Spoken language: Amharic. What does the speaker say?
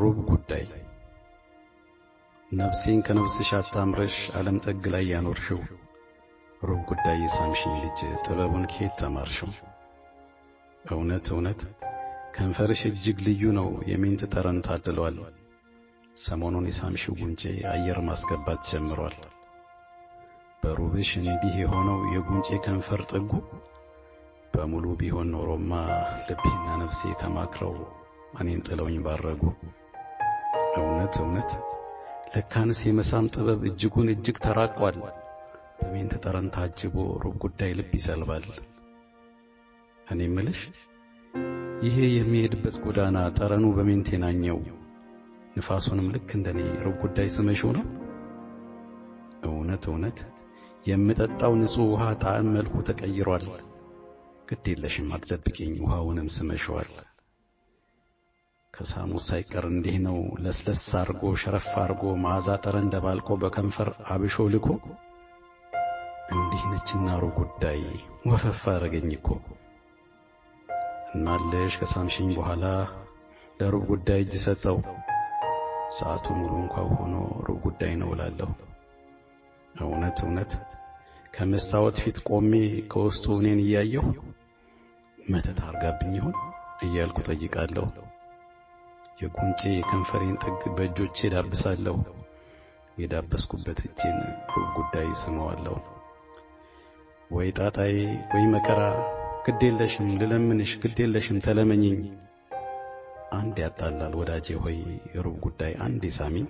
ሩብ ጉዳይ ነፍሴን ከነፍስሽ አታምረሽ ዓለም ጥግ ላይ ያኖርሽው ሩብ ጉዳይ የሳምሽኝ ልጅ ጥበቡን ከየት ተማርሽው? እውነት እውነት ከንፈርሽ እጅግ ልዩ ነው፣ የሚንት ጠረን ታድሏል። ሰሞኑን የሳምሽው ጉንጬ አየር ማስገባት ጀምሯል። በሩብሽ እንዲህ የሆነው የጉንጬ ከንፈር ጥጉ በሙሉ ቢሆን ኖሮማ ልቤና ነፍሴ ተማክረው እኔን ጥለውኝ ባረጉ። እውነት እውነት ለካንስ የመሳም ጥበብ እጅጉን እጅግ ተራቋል። በሜንት ጠረን ታጅቦ ሩብ ጉዳይ ልብ ይሰልባል። እኔ ምልሽ ይሄ የሚሄድበት ጎዳና ጠረኑ በሜንት የናኘው ንፋሱንም ልክ እንደኔ ሩብ ጉዳይ ስመሽው ነው። እውነት እውነት የምጠጣው ንጹሕ ውሃ ጣዕም መልኩ ተቀይሯል። ግድ የለሽም አትደብቂኝ፣ ውሃውንም ስመሸዋል። ከሳሙስ ሳይቀር እንዲህ ነው ለስለስ አርጎ ሸረፍ አርጎ መዓዛ ጠረን እንደባልቆ በከንፈር አብሾ ልኮ እንዲህ ነችና ሩቅ ጉዳይ ወፈፍ አረገኝ እኮ እናለሽ ከሳምሽኝ በኋላ ለሩብ ጉዳይ እጅ ሰጠው ሰዓቱ ሙሉ እንኳ ሆኖ ሩብ ጉዳይ ነው እላለሁ። እውነት እውነት ከመስታወት ፊት ቆሜ ከውስጡ እኔን እያየሁ መተት አርጋብኝ ይሆን እያልኩ ጠይቃለሁ። የቁንጬ የከንፈሬን ጥግ በእጆቼ ዳብሳለሁ። የዳበስኩበት እጄን ሩብ ጉዳይ ስመዋለሁ። ወይ ጣጣዬ ወይ መከራ፣ ግዴለሽም ልለምንሽ፣ ግዴለሽም ተለመኝኝ። አንድ ያጣላል ወዳጄ ሆይ ሩብ ጉዳይ አንድ ሳሚኝ።